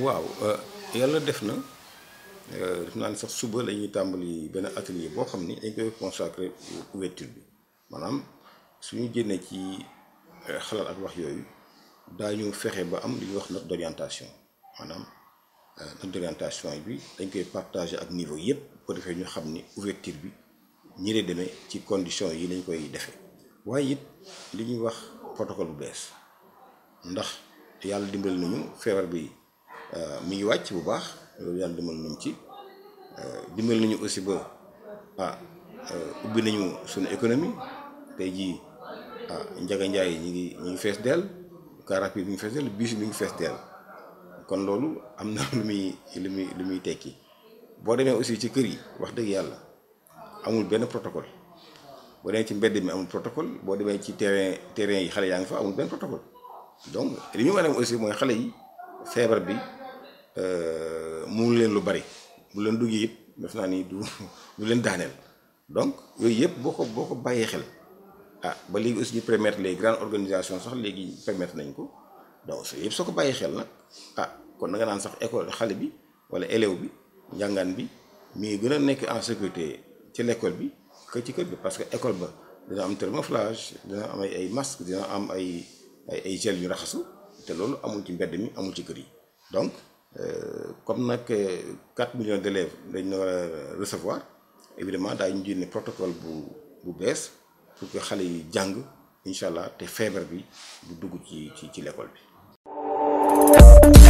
waaw euh, yàlla def na euh, def naa ne sax suba la ñuy tàmbali benn atelier boo xam ni dañ koy consacré couverture bi maanaam suñu génnee ci euh, xalaat ak wax yooyu daañu fexe ba am li ñuy wax note d'orientation maanaam note d'orientation bi dañ koy partager ak niveau yëpp pour defee ñu xam ni ouverture bi ñi lay demee ci conditions yi lañ koy defee waaye it li ñuy wax protocole bu bees ndax yàlla dimbali nañu feebar bi. Euh, mu ngi wàcc bu baax loolu yàlla dimbal nañ ci euh, dimbal nañu aussi ba ah euh, ubbi nañu suñu économie tey jii ah njaga njaay ñi ngi ñu ngi fees dell car bi mi ngi fees dell bus mi ngi fees dell kon loolu am na lu muy lu muy lu muy tekki boo demee aussi ci kër yi wax dëgg yàlla amul benn protocole boo demee ci mbedd mi amul protocole boo demee ci terrain yi xale yaa ngi fa amul benn protocole donc li ñu war a dem aussi mooy xale yi feebar bi. Euh, mënu leen lu bari bu leen duggee it def naa ni du du leen daaneel donc yooyu yëpp boo ko boo ko bàyyee xel ah ba léegi aussi ñu permettre les grandes organisation sax léegi permettre nañ ko donc soo yëpp soo ko bàyyee xel nag ah kon na naan sax école xale bi wala élève bi njàngaan bi mu ngi gën a nekk en sécurité ci l'école bi que ci kër bi parce que école ba dina am thermoflage dina am ay ay masque dina am ay ay ay gel yu raxasu te loolu amul ci mbedd mi amul ci kër yi donc Euh, comme nak 4 euh, millions d'élèves élèves dañ na a recevoir évidemment daañu jënd protocole bu bu bees pour que xalé yi puissent faire allah te pour bi du dugg ci ci ci l'école bi.